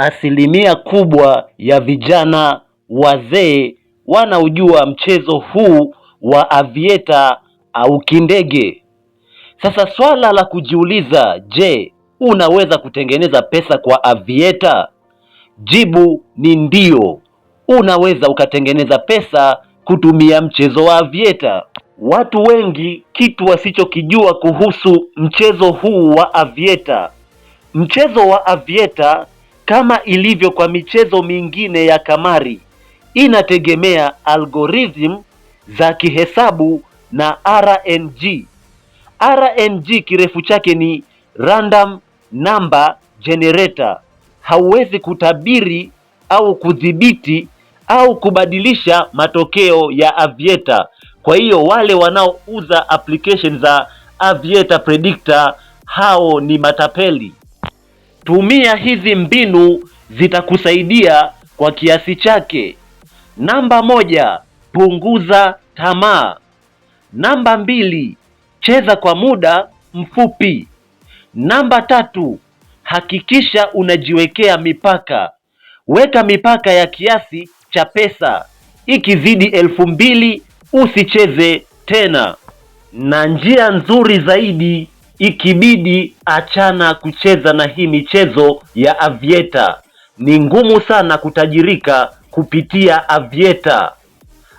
asilimia kubwa ya vijana wazee wanaojua mchezo huu wa avieta au kindege. Sasa swala la kujiuliza, je, unaweza kutengeneza pesa kwa avieta? Jibu ni ndio, unaweza ukatengeneza pesa kutumia mchezo wa avieta. Watu wengi kitu wasichokijua kuhusu mchezo huu wa avieta, mchezo wa avieta kama ilivyo kwa michezo mingine ya kamari, inategemea algorithm za kihesabu na RNG. RNG kirefu chake ni Random Number Generator. Hauwezi kutabiri au kudhibiti au kubadilisha matokeo ya Aviator. Kwa hiyo wale wanaouza application za Aviator Predictor hao ni matapeli. Tumia hizi mbinu zitakusaidia kwa kiasi chake. Namba moja, punguza tamaa. Namba mbili, cheza kwa muda mfupi. Namba tatu, hakikisha unajiwekea mipaka. Weka mipaka ya kiasi cha pesa, ikizidi elfu mbili usicheze tena. Na njia nzuri zaidi ikibidi achana kucheza na hii michezo ya avieta. Ni ngumu sana kutajirika kupitia avieta.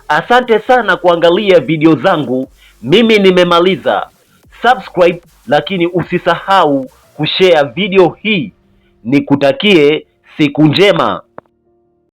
Asante sana kuangalia video zangu, mimi nimemaliza. Subscribe, lakini usisahau kushare video hii. Nikutakie siku njema.